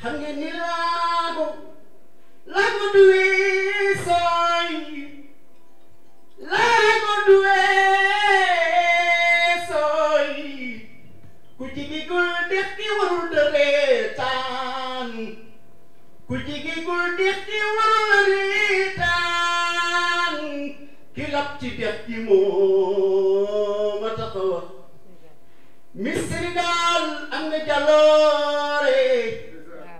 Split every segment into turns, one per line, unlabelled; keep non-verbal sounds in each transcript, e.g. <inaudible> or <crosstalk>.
xam ngeen ni laago laago du weesooy laago du
weesooy ku jigigul dex ki warul da reetaan ku jigigul dex ki warul da reetaan ki lap ci dex ki moo
man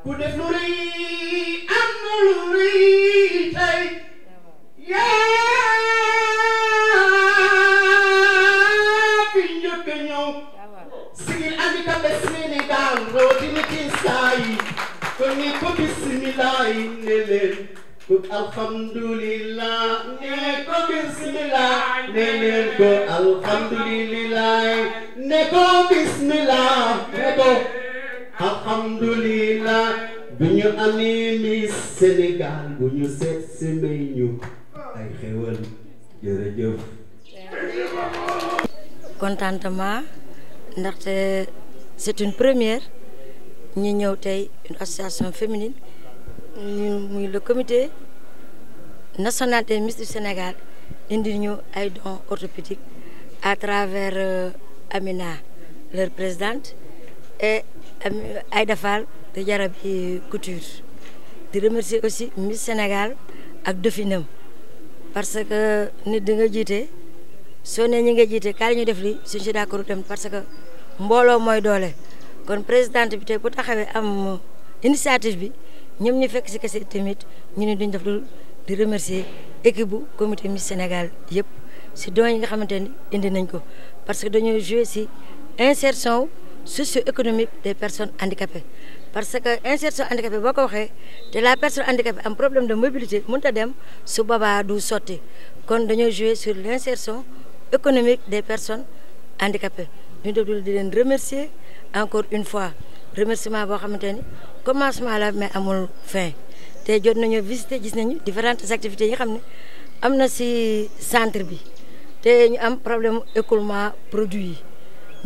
ku def lu rëy am na lu rëy tey yaa fi njëkk a ñëw sigil handicapé Sénégal rawatina
ci saa yi kon ni ko ne bismillah alhamdulillah bu ñu amee Sénégal
bu ñu seet si may ñu ay xéwal jërëjëf
contentement ndaxte c'est une première ñu ñëw tey une association féminine ñu muy le comité national des Miss Sénégal indi ñu ay dons orthopédiques à travers euh, Amina, leur présidente, et Aïda Fall de Yarabi Couture. di remercier aussi Miss Sénégal ak Dauphinam parce que nit di nga jiite soo ne ñi nga jiite kaay ñu def li suñ si d'accord tamit parce que mbooloo mooy doole kon présidente bi tey bu taxawee am initiative bi ñoom ñu fekk si kese tamit ñu ne duñ def lu di remercier équipe bu comité Miss Sénégal yëpp. si dons yi nga xamante ni indi nañ ko parce que dañoo jouer si insertion socio-économique des personnes handicapées parce que insertion handicapée boo ko waxee te la personne handicapée am problème de mobilité mënut a dem su boobaa du sotti kon dañoo jouer sur l' insertion économique des personnes handicapées ñu déglu di leen remercier encore une fois remerciement boo xamante ni commencement la mais amul fin te jot nañu visiter gis nañu différentes activités yi nga xam ne am na si centre bi. te ñu am problème écoulement produit yi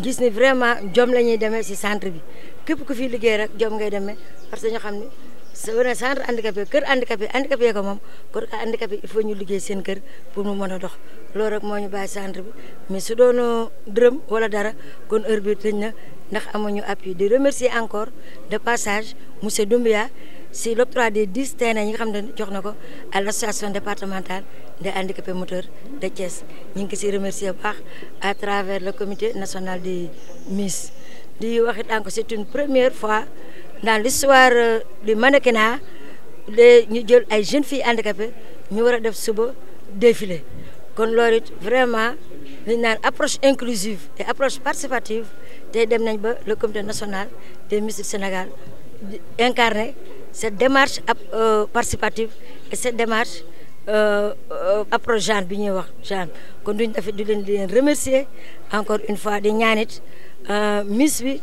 gis ni vraiment jom la ñuy demee si centre bi képp ku fi liggéey rek jom ngay demee parce que ñu xam ne soo ne centre handicapé kër handicapé handicapé ko moom kër handicapé il faut ñu liggéey seen kër pour mu mën a dox loolu rek moo ñu bàyyi centre bi mais su doonoo dërëm wala dara kon heure bi tëj na ndax amuñu appui di remercier encore de passage monsieur Doumbia si l'octroi des dix terrains ñi nga xam ne jox na ko à l'association départementale des handicapés moteurs de Thiès ñu ngi ko si remercier bu baax à travers le comité nationale de MIS di wax it encore c'est une première fois dans l'histoire euh, du mannequinat de ñu jël ay jeunes fi handicapées ñu war a def suba défilé kon loolu it vraiment li ñu naan approche inclusive et approche participative tey dem nañ ba le comité national des Miss du Sénégal incarné cette démarche euh, participative et cette démarche euh, euh, approche genre bi ñuy wax genre kon duñ def di leen di leen encore une fois di ñaanit miss bi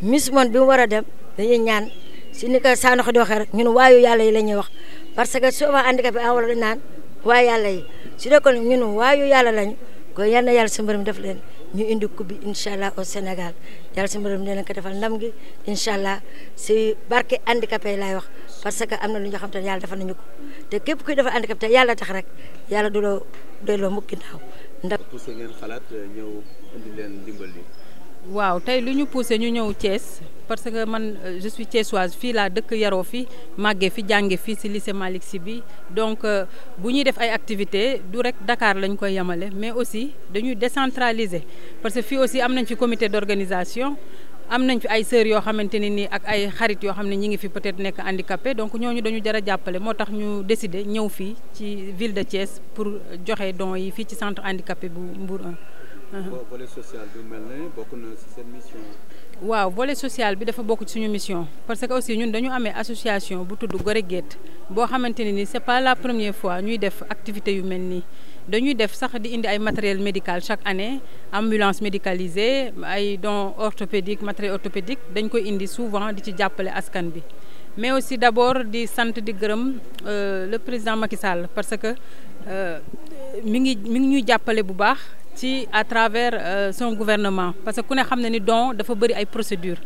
miss moon bi mu war a dem dañuy ñaan si ni ko Sanox di waxee rek ñun waayu yàlla yi la ñuy wax parce que souvent handicapé awal dañ naan waayu yàlla yi su dee kon ñun waayu yàlla lañu ko yal na yàlla sa mbërëm def leen. ñu indi coupe bi incha allah au Sénégal yàlla si mbirum nee na ko defal ndam gi incha allah si barke handicapé laay wax parce que am na lu ñu xam te ne yàlla defal nañu ko te képp kuy defal handicapé te yàlla tax rek yàlla du loo doy loo mukk ginnaaw ndax. ngeen xalaat ñëw indi leen dimbal li
waaw tey lu ñu poussé ñu ñëw Thiès parce que man euh, je suis thiessoise fii laa dëkk yaroo fi màggee fi jànge fii ci lycée Malick bi donc euh, bu ñuy def ay activités du rek Dakar lañ koy yemale mais aussi dañuy décentraliser parce que fii aussi am nañ fi comité d'organisation am nañ fi ay sœurs yoo xamante ne nii ak ay xarit yoo xam ne ñi ngi fi peut-être nekk handicapé donc ñooñu dañu jar a jàppale moo tax ñu décidé ñëw fii ci ville de Thiès pour joxe dons yi fii ci centre handicapé bu Mbour 1 Uh-huh. volet waaw volet social bi dafa bokk ci suñu mission parce que aussi ñun dañu amee association bu tudd Gorée Gate boo xamante ne ni c'est pas la première fois ñuy def activité yu mel nii dañuy def sax di indi ay matériel médical chaque année ambulance médicalisée ay dons orthopédique matériel orthopédique dañ koy indi souvent di ci jàppale askan bi mais aussi d'abord di sant di gërëm euh, le président Macky Sall parce que euh, mi ngi mi ngi ñuy jàppale bu baax ci à travers euh, son gouvernement parce que ku ne xam na ni don dafa bëri ay procédure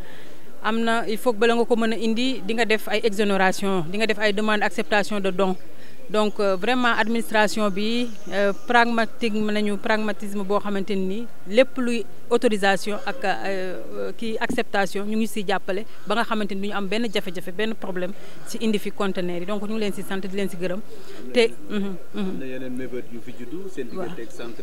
am na il faut bala nga ko mën a indi di nga def ay exonération di nga def ay demande acceptation de don donc euh, vraiment administration bi euh, pragmatique nañu pragmatisme boo xamante ni lépp luy autorisation ak euh, kii acceptation ñu ngi siy jàppale ba nga xamante ni du am benn jafe-jafe benn problème si indi fi conteneur yi donc ñu ngi leen si sant di leen si gërëm te. am mhm,
mhm.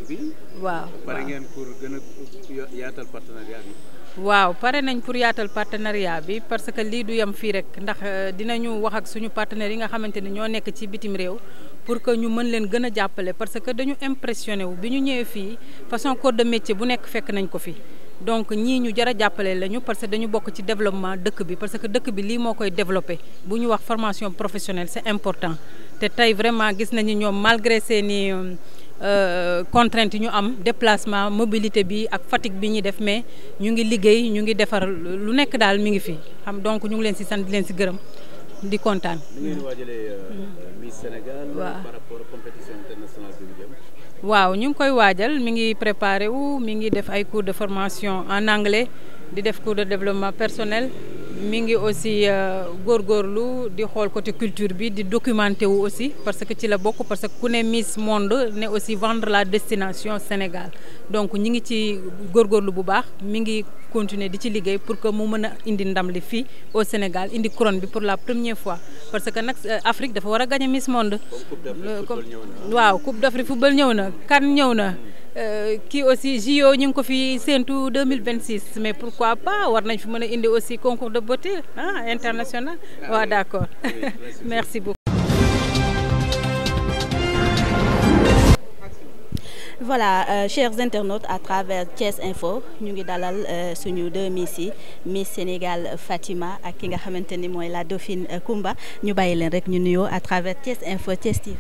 bi. waaw pare ngeen pour gën a yaatal partenariat bi.
waaw pare nañ pour yaatal partenariat bi parce que lii du yem fii rek ndax euh, dinañu wax ak suñu partenaires yi nga xamante ni ñoo nekk ci bitim réew pour que ñu mën leen gën a jàppale parce que dañu impressionné wu bi ñu ñëwee fii façon corps de métier bu nekk fekk nañ ko fii donc ñii ñu jar a jàppale lañu parce que dañu bokk ci développement dëkk bi parce que dëkk bi lii moo koy développé bu ñu wax formation professionnelle c'est important te tey vraiment gis nañu ñoom malgré seeni euh, Euh, contrainte ñu am déplacement mobilité bi ak fatigue bi ñuy def mais ñu ngi liggéey ñu ngi defar lu nekk daal mi ngi fi xam donc ñu ngi leen si sant di leen si gërëm di kontaan. Euh, mm-hmm. Miss ñu euh, waaw ñu ngi koy waajal mu ngi préparé wu mi ngi def ay cours de formation en anglais di def cours de développement personnel. mi ngi aussi euh, góorgóorlu di xool côté culture bi di documenté wu aussi parce que ci la bokk parce que ku ne Miss Monde ne aussi vendre la destination Sénégal donc ñi ngi ci góorgóorlu bu baax mi ngi continuer di ci liggéey pour que mu mën a indi ndam li fii au Sénégal indi couronne bi pour la première fois parce que nag euh, Afrique dafa war a gagné Miss Monde. comme euh, waaw Coupe d'Afrique football ñëw na kan ñëw na. Euh, kii aussi JO ñu ngi ko fi séentu deux mille vingt six mais pourquoi pas war nañ fi mën a indi aussi concours de beauté ah international waa d' accord
merci beaucoup. voilà euh, chers internautes à travers Thiès Info ñu ngi dalal euh, suñu deux miss yi Miss Sénégal Fatima ak ki nga xamante ni mooy la dauphine Coumba ñu bàyyi leen rek ñu nuyoo à travers Thiès Info Thiès TV.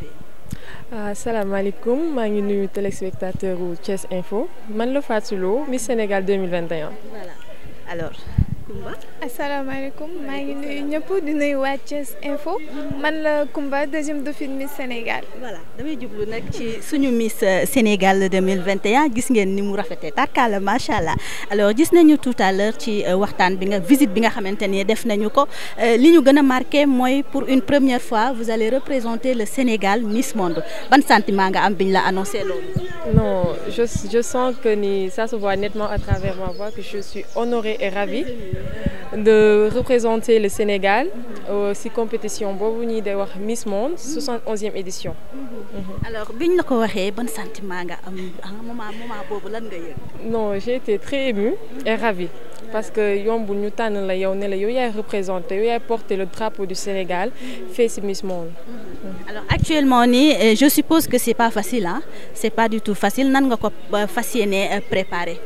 asalaamaaleykum ah, maa ngi nuyu téléspectateur u Thiès Info man la Fatou Lo Miss Sénégal 2021 voilà alors
Kumba. asalaamaaleykum maa ngi nuyu ñëpp di nuyu waa Thiès Info man la Kumba deuxième dauphine Miss Sénégal.
nag ci suñu Miss euh, Sénégal 2021 gis ngeen ni mu rafete rafetee tarkaala macha allah alors gis nañu tout à l'heure ci euh, waxtaan bi nga visite bi nga xamante ni def nañu ko euh, li ñu gën a marqué mooy pour une première fois vous allez représenter le Sénégal Miss Monde ban sentiment
nga am biñ la annoncé loolu. non je je sens que ni ça se voit nettement à travers ma voix que je suis honorée et ravie. de représenter le Sénégal si compétition boobu ñuy day wax Miss Monde 71e édition.
Mhm.
alors biñ la ko waxee ban sentiment nga am ah,
moment lan nga yëg.
non j'ai été très émue et ravie parce que yombul ñu tànn la yow ne la yow yaay représenté yow yaay porté le drapeau du Sénégal fee Miss Monde. Mhm. alors actuellement
nii euh, je suppose que c'est pas facile ah c'est pas du tout facile nan nga ko euh, fas yéenee euh, préparer.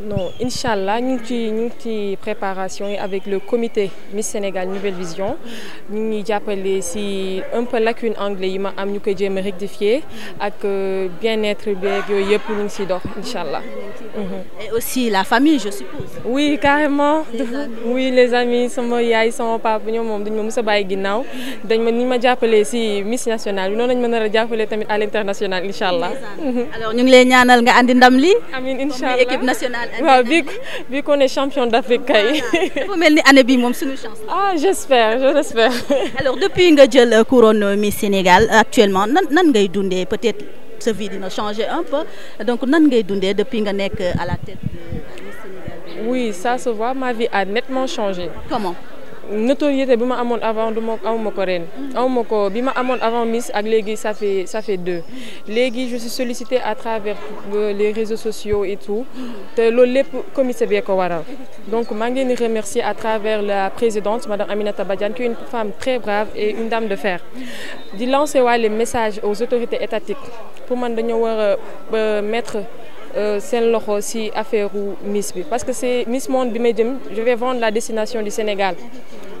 non incha allah ñu ngi ci ñu ci préparation yi avec le comité Miss Sénégal Nouvelle Vision ñu ngi jàppale si un pa lacune anglais yi ma am ñu koy jéem a rectifier ak euh, bien-être bien yooyu yëpp ñu ngi siy dox incha allah. Mhm. et aussi la famille je suppose. oui carrément. oui les amis sama yaay sama papa ñoom moom dañ ma mës a bàyyi ginnaaw dañ ma ni ma jàppale si Miss nationale bi noonu lañ ma nar a jàppale tamit à l'international incha allah.
Mhm. alors ñu ngi lay nga andi ndam li.
amiin incha waaw bi bi qu'on est champion d'Afrique kay. <laughs> mel ni année bi moom suñu chance ah j'espère je l'espère. <laughs>
alors nga jël couronne Miss Sénégal actuellement nan nan ngay dundee peut-être sa vie dina changer un peu donc nan ngay dundee depuis nga nekk
à la tête de Miss Sénégal. oui ça se voit ma vie a nettement changé. comment. notoriété bi ma amoon avant du ma awma ko ren mm. awma ko bi ma amoon avant Miss ak léegi ça fait ça deux mm. léegi je suis sollicitée à travers euh, les réseaux sociaux et tout mm. te loolu lépp comité bee ko waral donc maa ngi leen di remercier à travers la présidente madame Aminata Badiane qui est une femme très brave et une dame de fer di lancer waale message aux autorités étatiques pour man dañoo war a euh, mettre euh, seen loxo ci affaire u Miss bi parce que c'est Miss Monde bi may jëm je vais vendre la destination du Sénégal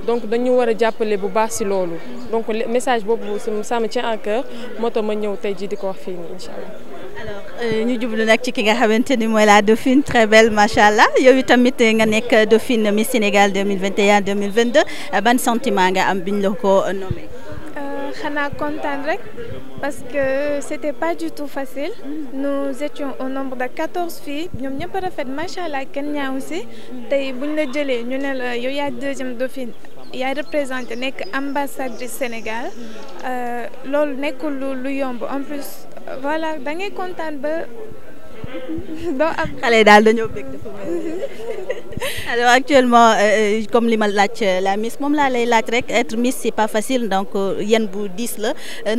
donc dañu war a jàppale bu baax si loolu donc message boobu ça me tient à cœur moo tax ma ñëw tey jii di ko wax fii nii incha allah.
alors euh, ñu jublu nag ci ki nga xamante ni mooy la dauphine très belle macha allah yow itamit nga nekk dauphine Miss Sénégal mille 2021 2022 ban sentiment nga am biñ la ko nommé.
xanaa kontaan rek parce que c'était pas du tout facile nous étions au nombre de quatorze filles ñoom ñëpp rafet macha allah kenn ñaaw si tey buñ la jëlee ñu ne la yow yaa deuxième dauphine yaa représenté nekk ambassadrice Sénégal euh, loolu nekkul lu lu yomb en plus voilà da ngay kontaan ba doo <laughs> am xale daal dañoo bëgg dafa <laughs>
<laughs> alors actuellement euh, euh, comme li ma laaj euh, la miss moom laa lay laaj rek être miss c'est pas facile donc euh, yéen bu diis la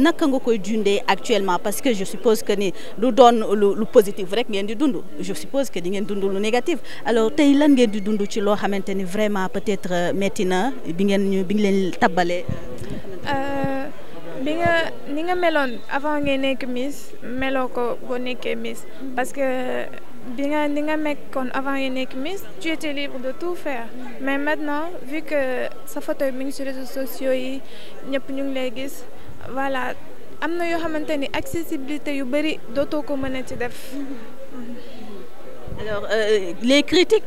naka nga koy dundee actuellement parce que je suppose que ni du doon lu positif rek ngeen di dund je suppose que di ngeen dund lu négatif alors tey lan ngeen di dund ci loo xamante ni vraiment peut-être métti na bi ngeen ñu bi ngi leen tabbalee.
bi nga ni nga meloon avant ngay nekk miss meloo ko boo nekkee miss parce que. ni Bien, quand avant une Miss, tu étais libre de tout faire. Mais maintenant, vu que sa photo est sur les réseaux sociaux, il n'y a lay gis Voilà, am na yoo xamante ni accessibilité yu bëri dootoo ko mën ci def. alors euh, les critiques.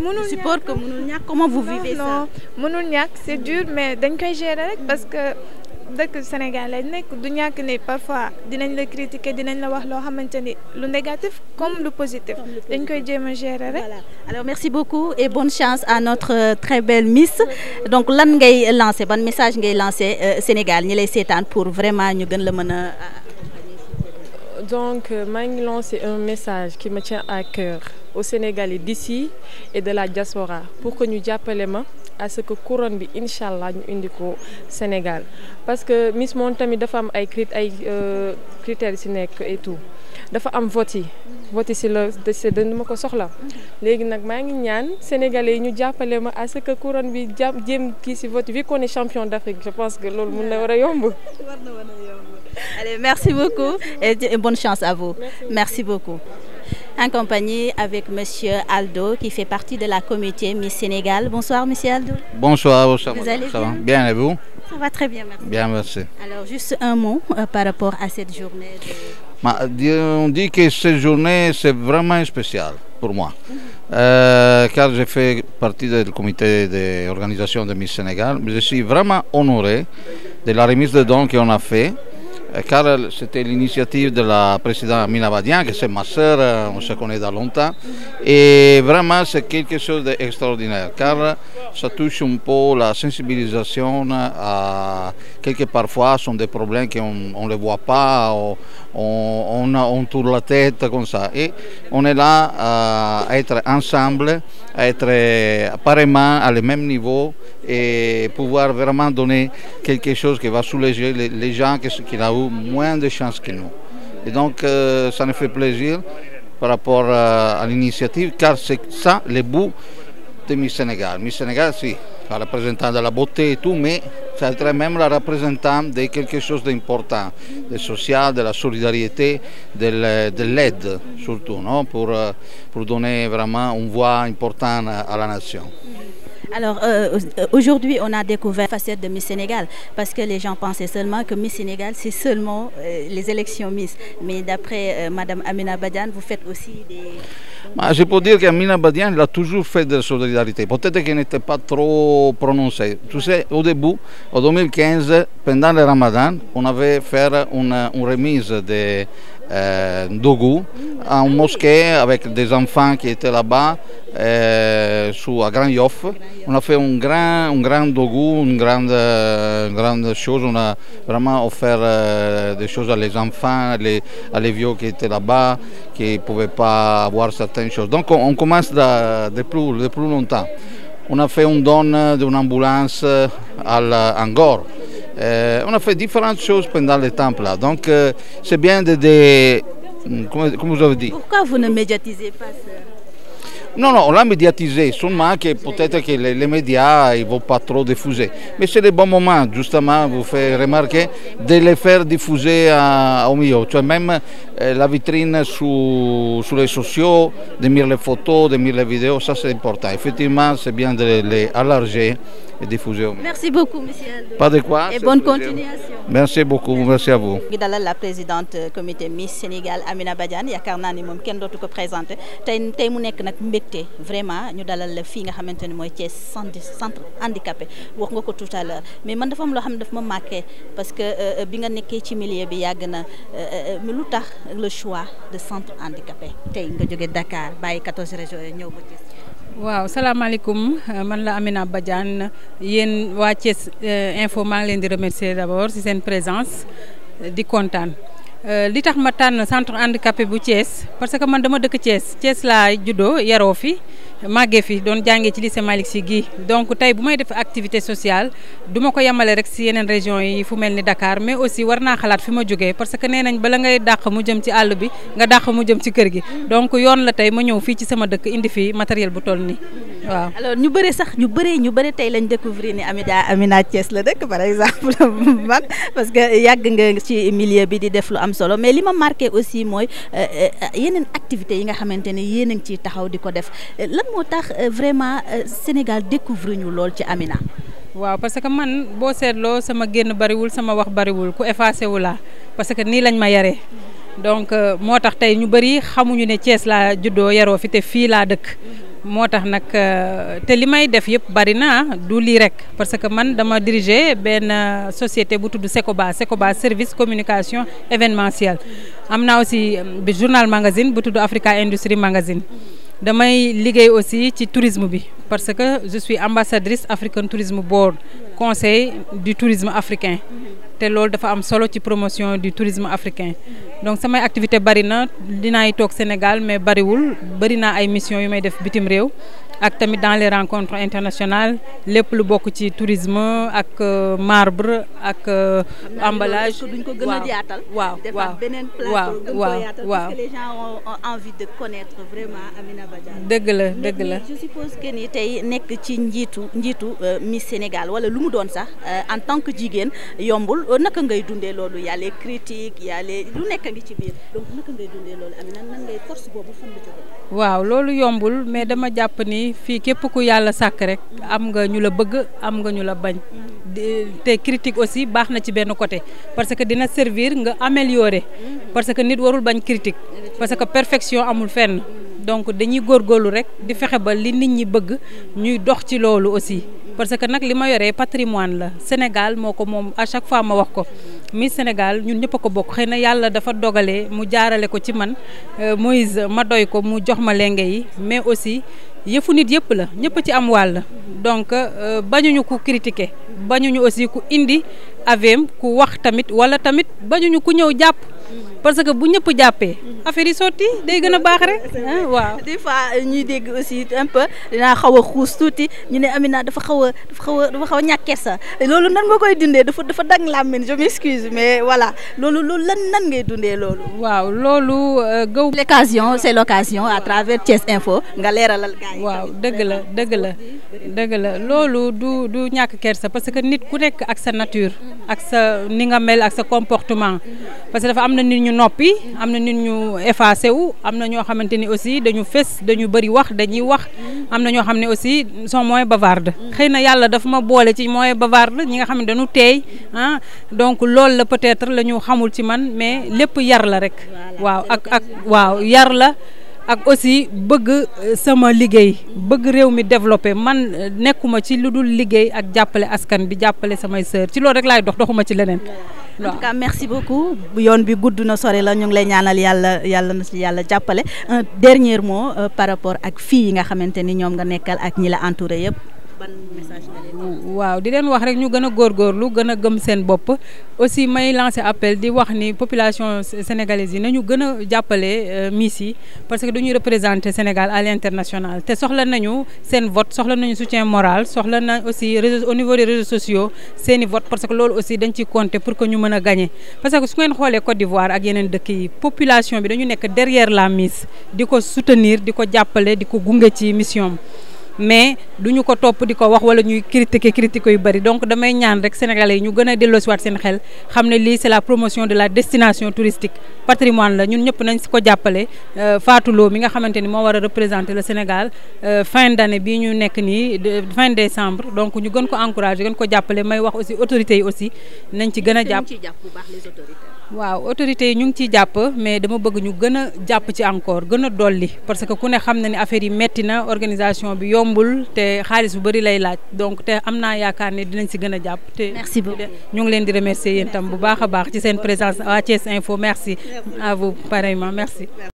mënul ñàkk support que mënul ñàkk comment vous vivez ça. mënul ñàkk c' est mais dañ koy gérer parce que. dëkk Sénégal nekk du ñàkk ni parfois dinañ la critiquer dinañ la wax loo xamante ni lu négatif comme lu positif dañ koy jéem a gérer rek. alors merci beaucoup
et bonne chance à notre euh, très belle Miss donc lan ngay lancer ban message ngay lancer euh, Sénégal ñi lay seetaan pour vraiment ñu gën la mën a.
donc euh, maa ngi lancé un message qui me tient à cœur aux Sénégalais d'ici et de la diaspora pour que ñu jàppale ma. à ce que couronne bi incha allah ñu indi ko Sénégal parce que Miss Monde tamit dafa am ay crit ay euh, critères si nekk et tout dafa am vote yi vote yi si la si dañ ma ko soxla léegi nag maa ngi ñaan sénégalais yi ñu jàppale ma à ce que couronne bi jàpp jéem kii si vote vu qu'on est champion d'Afrique je pense que loolu mun na war a yomb. Allez, merci beaucoup et bonne chance à vous. Merci, merci beaucoup.
en compagnie avec Monsieur Aldo qui de la communauté Miss Sénégal. Bonsoir Monsieur Aldo.
Bonsoir, ça, vous allez ça bien? va bien et vous?
Euh, par rapport à cette journée
de... On dit que cette journée vraiment spécial pour moi. Mm -hmm. Euh, car j'ai fait partie du Je suis vraiment honoré de la remise de dons qu'on a fait car c'était l'initiative de la présidente Amina Badian, que c'est ma sœur, on se connaît dans longtemps, et vraiment c'est quelque chose d'extraordinaire, car ça touche un peu la sensibilisation à quelques parfois sont des problèmes qu'on ne voit pas, on, on, on, tourne la tête comme ça, et on est là eh, à être ensemble, à être apparemment à le même niveau et pouvoir vraiment donner quelque chose qui va soulager les, gens qui, qui l'ont beaucoup moins de chances que nous. Et donc, euh, ça nous fait plaisir par rapport à, euh, à l'initiative, car c'est ça le bout de Miss Sénégal. Miss Sénégal, si, la représentante de la beauté et tout, mais ça serait même la représentante de quelque chose d'important, de social, de la solidarité, de l'aide surtout, non? Pour, euh, pour donner vraiment une voix importante à la nation.
Alors euh, aujourd'hui, on a découvert la facette de Miss Sénégal parce que les gens pensaient seulement que Miss Sénégal, c'est seulement euh, les élections Miss. Mais d'après euh, Madame Amina Badian, vous faites aussi des...
Ma, je peux dire qu'Amina Badian, elle a toujours fait de la solidarité. Peut-être qu'elle n'était pas trop prononcée. Tu sais, au début, en 2015, pendant le ramadan, on avait fait une, une remise de Euh, Ndougou, en mosquée avec des enfants qui étaient là-bas, euh, sous à Grand Yoff. On a fait un grand, un grand euh, chose. On a vraiment offert des choses à les enfants, à les, à qui étaient là-bas, qui pouvaient pas avoir certaines choses. Donc on, commence de, de, plus, de On a fait un don d'une ambulance à l'Angor. Euh, on a fait différentes pendant le temple là. Donc euh, c'est bien de, de hmm, comment, comment vous avez dit.
Pourquoi vous l'a médiatisé,
seulement que peut que les, les médias ne pas trop diffuser. Mais c'est le bon moment, justement, vous faites remarquer, de les faire au milieu. Cioè, même euh, la vitrine sur, sur, les sociaux, de mettre les photos, de mettre les vidéos, ça c'est important. Effectivement, c'est bien de les, les, allarger et diffuser au mieux.
Merci beaucoup, monsieur Aldo. Pas de quoi. Et bonne plaisir. continuation.
Merci beaucoup, merci à vous. ngi
dalal la présidente euh, comité Miss Sénégal Amina Badiane yaakaar naa ni moom kenn dootu ko présenté tey tey mu nekk nag mbégte vraiment ñu dalal la fii nga xamante ni mooy Thiès centre handicapé wax nga ko tout à l'heure mais man dafa am loo xam ne daf ma marqué parce que euh, euh, bi nga nekkee ci milieu bi yàgg na lu tax le choix de centre handicapé tey nga jóge Dakar bàyyi 14 régions yi
waaw salaamaaleykum man la Amina Badiane yéen waa Thiès euh, info maa ngi leen di remercier d'abord ci seen présence euh, di kontaan. Euh, li tax ma tànn centre handicapé bu cees parce que man dama dëkk Thiès Thiès laa judo yaroo fi. màggee fi doon jàngee ci lycée Malick Sy gii donc tey bu may def activité sociale du ma ko yemale rek si yeneen région yi fu mel ni dakaar mais aussi war naa xalaat fi ma jógee parce que neenañ bala ngay dàq mu jëm ci àll bi nga dàq mu jëm ci kër gi donc yoon la tey ma ñëw fii ci sama dëkk indi fii matériel bu toll nii
waaw. alors ñu bëri sax ñu bëri ñu bëri tey lañ découvrir ni Amina Amina Thiès la dëkk par exemple <laughs> man parce que yàgg nga ci milieu bi di def lu am solo mais li ma marqué aussi mooy euh, euh, yeneen activités yi nga xamante ne yéen a ngi ciy taxaw di ko def lan moo tax euh, vraiment euh, Sénégal découvre ñu lool ci Amina.
waaw parce que man boo seetloo sama génn bariwul sama wax bariwul ku effacé wu la parce que nii lañ ma yaree donc euh, moo tax tey ñu bari xamuñu ne Thiès laa juddoo yaroo fi te fii laa dëkk. moo tax nag te li may def yëpp bari na du lii rek parce que man dama diriger benn société bu tudd Secoba Secoba service communication événementiel am naa aussi bi journal magazine bu tudd Africa Industrie magazine. damay liggéey aussi ci tourisme bi parce que je suis ambassadrice African Tourism Board conseil du tourisme africain te loolu dafa am solo ci promotion du tourisme africain donc samay activité bari na dinaay toog Sénégal mais bariwul bari naa ay mission yu may def bitim réew ak tamit dans les rencontres internationales lépp lu bokk ci tourisme ak euh, marbre ak euh, emballage duñ ko gën a yaatal waaw waaw
beneen plateau gën ko yaatal parce de connaître vraiment Amina Badiane dëgg la dëgg la je tey nekk ci njiitu njiitu euh, Miss Sénégal wala lu mu doon sax en tant que jigéen yombul naka ngay dundee loolu y a les critiques y lu nekk ngi ci biir
waaw loolu yombul mais dama jàpp ni mooy fii képp ku yàlla sàkk rek am nga ñu la bëgg am nga ñu la bañ te critique aussi baax na ci benn côté parce que dina servir nga améliorer parce que nit warul bañ critique parce que perfection amul fenn donc dañuy góor góorlu rek di fexe ba li nit ñi bëgg ñuy dox ci loolu aussi parce que nag li ma yoree patrimoine la Sénégal moo ko moom à chaque fois ma wax ko mii Sénégal ñun ñëpp a ko bokk xëy na yàlla dafa dogalee mu jaarale ko ci man euh, Moïse ma doy ko mu jox ma lenge yi yëfu nit yëpp la ñëpp ci am la donc euh, bañuñu ku critiquer bañuñu aussi ku indi aveem ku wax tamit wala tamit
bañuñu ku ñëw jàpp parce que bu ñëpp jàppee mhm. affaire yi sotti day gën a baax rek ah, waaw. des fois ñuy dégg aussi un peu dinaa xaw a xuus tuuti ñu ne Amina dafa xaw a dafa xaw a dafa xaw a ñàkkee sa loolu nan nga koy dundee dafa dafa dang làmmiñ je m'excuse mais voilà loolu loolu lan nan ngay dundee loolu. waaw loolu euh, gaw. l'occasion c'est l'occasion à travers Thiès Info nga leeralal gars yi. waaw dëgg la dëgg la dëgg la loolu
du du ñàkk kersa parce que nit ku nekk ak sa nature. ak sa ni nga mel ak sa comportement parce ñu noppi am na nit ñu effacé wu am na ñoo xamante ni aussi dañu fës dañu bëri wax dañuy wax am na ñoo xam ne aussi sont moins bavardes xëy na yàlla daf ma boole ci moins bavarde ñi nga xam ne dañu teey ah donc loolu la peut-être la ñu xamul ci man mais lépp yar la rek waaw ak ak waaw yar la ak aussi bëgg euh, sama liggéey bëgg réew mi développé man euh, nekkuma ci lu dul liggéey ak jàppale askan bi jàppale samay sœur ci loolu rek laay dox doxuma ci leneen.
en tout cas merci beaucoup yoon bi gudd na sore la ñu ngi lay ñaanal yàlla yàlla na si yàlla jàppale un dernier mot euh, par rapport ak fii yi nga xamante ni ñoom nga nekkal ak ñi la entouré yëpp. ban
waaw di leen wax rek ñu gën a góorgóorlu gën a gëm seen bopp aussi may lancé appel di wax ni population sénégalaise yi nañu gën a jàppale euh, Miss yi parce que dañuy représenter Sénégal à l'international te soxla nañu seen vote soxla nañu soutien moral soxla na aussi réseau au niveau des réseaux sociaux seeni vote parce que loolu aussi dañ ci compter pour que ñu mën a gagner parce que su ngeen xoolee Côte d'Ivoire ak yeneen dëkk yi population bi dañu nekk derrière la Miss di ko soutenir di ko jàppale di ko gunge ci mission mais duñu ko topp di ko wax wala ñuy critiquer critiquer yu bëri donc damay ñaan rek sénégalais yi ñu gën a delloosiwaat seen xel xam ne lii c'est la promotion de la destination touristique patrimoine la ñun ñëpp nañ si ko jàppale euh, Fatou Lo mi nga xamante ni moo war a représenter la Sénégal euh, fin d'année bii ñu nekk nii fin décembre donc ñu gën ko encourager gën ko jàppale may wax aussi autorités yi aussi nañ ci gën a jàpp waaw autorité yi ñu ngi ciy jàpp mais dama bëgg ñu gën a jàpp ci encore gën a dolli parce que ku ne xam na ni affaire yi metti na organisation bi yombul te xaalis bu bëri lay laaj donc te am naa yaakaar ne dinañ si gën a jàpp. te merci beaucoup ñu ngi leen di remercier yéen tam bu baax a baax ci seen présence à Thiès Info merci à vous pareillement merci.